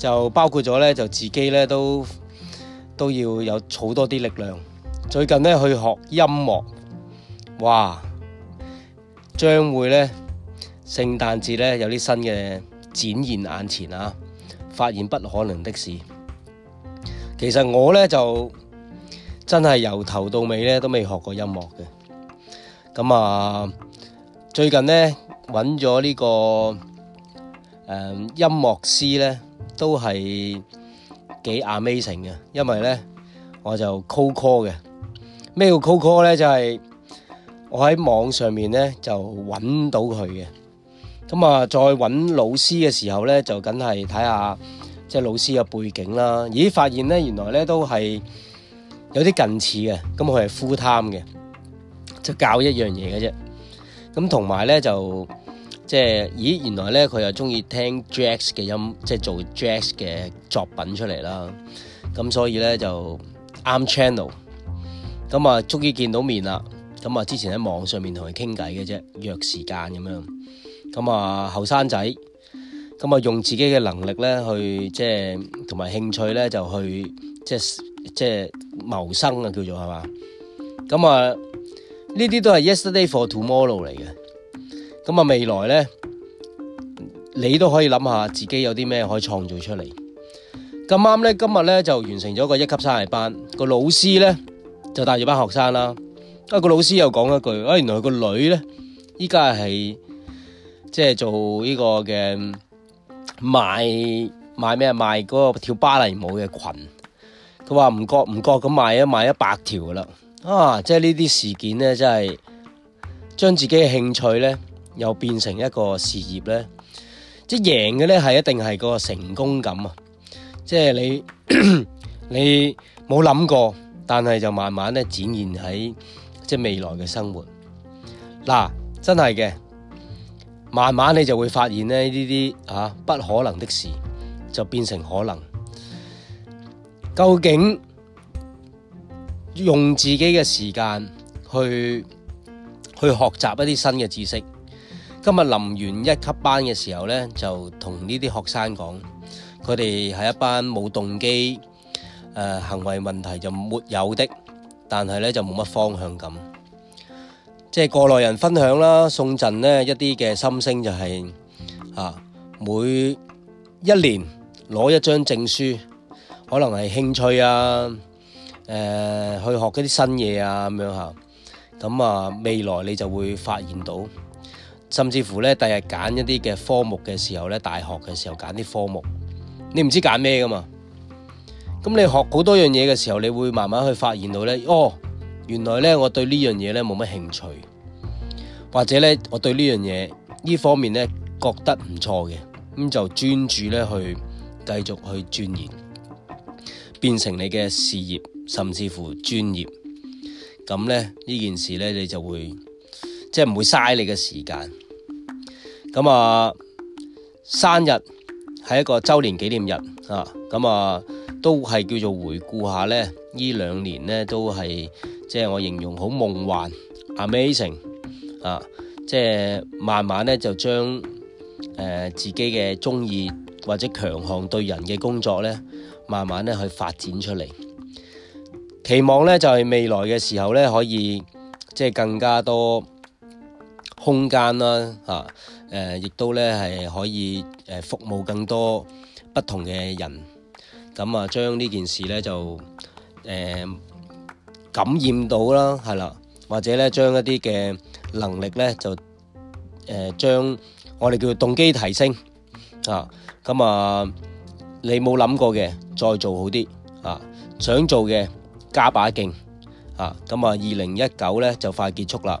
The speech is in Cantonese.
就包括咗咧，就自己咧都都要有好多啲力量。最近咧去學音樂，哇，將會咧聖誕節咧有啲新嘅展現眼前啊！發現不可能的事。其實我咧就真係由頭到尾咧都未學過音樂嘅。咁啊，最近咧揾咗呢、這個誒、嗯、音樂師咧。都係幾 amazing 嘅，因為咧我就 cold call 嘅。咩叫 cold call 咧？就係我喺網上面咧就揾到佢嘅。咁啊，再揾老師嘅時候咧，就梗係睇下即係老師嘅背景啦。咦，發現咧原來咧都係有啲近似嘅。咁佢係 full time 嘅，就教一樣嘢嘅啫。咁同埋咧就。即係，咦，原來咧佢又中意聽 jazz 嘅音，即係做 jazz 嘅作品出嚟啦。咁所以咧就啱 channel。咁啊，終於見到面啦。咁啊，之前喺網上面同佢傾偈嘅啫，約時間咁樣。咁啊，後生仔。咁啊，用自己嘅能力咧去，即係同埋興趣咧就去，即係即係謀生啊，叫做係嘛。咁啊，呢啲都係 yesterday for tomorrow 嚟嘅。咁啊！未來咧，你都可以諗下自己有啲咩可以創造出嚟。咁啱咧，今日咧就完成咗個一級三二班，個老師咧，就帶住班學生啦。啊，個老師又講一句，啊，原來個女咧，依家係即係做呢個嘅賣賣咩啊？賣嗰個跳芭蕾舞嘅裙。佢話唔覺唔覺咁賣一賣一百條啦啊！即係呢啲事件咧，真係將自己嘅興趣咧。又變成一個事業咧，即係贏嘅咧，係一定係個成功感啊！即係你 你冇諗過，但係就慢慢咧展現喺即係未來嘅生活。嗱、啊，真係嘅，慢慢你就會發現咧呢啲啊不可能的事就變成可能。究竟用自己嘅時間去去學習一啲新嘅知識。今日臨完一級班嘅時候呢，就同呢啲學生講，佢哋係一班冇動機，誒行為問題就沒有的，但係呢就冇乜方向感。即係過來人分享啦，送陣呢一啲嘅心聲就係啊，每一年攞一張證書，可能係興趣啊，誒去學一啲新嘢啊咁樣吓，咁啊未來你就會發現到。甚至乎咧，第日揀一啲嘅科目嘅時候咧，大學嘅時候揀啲科目，你唔知揀咩㗎嘛？咁你學好多樣嘢嘅時候，你會慢慢去發現到咧，哦，原來咧，我對呢樣嘢咧冇乜興趣，或者咧，我對呢樣嘢呢方面咧覺得唔錯嘅，咁就專注咧去繼續去鑽研，變成你嘅事業，甚至乎專業。咁咧，呢件事咧，你就會。即係唔會嘥你嘅時間咁啊！生日係一個周年紀念日啊，咁啊都係叫做回顧下咧。呢兩年咧都係即係我形容好夢幻 amazing 啊，即係慢慢咧就將、呃、自己嘅中意或者強項對人嘅工作咧，慢慢咧去發展出嚟。期望咧就係未來嘅時候咧，可以即係更加多。空間啦，嚇，誒，亦都咧係可以誒服務更多不同嘅人，咁啊將呢件事咧就誒感染到啦，係啦，或者咧將一啲嘅能力咧就誒將我哋叫做動機提升啊，咁啊你冇諗過嘅再做好啲啊，想做嘅加把勁啊，咁啊二零一九咧就快結束啦。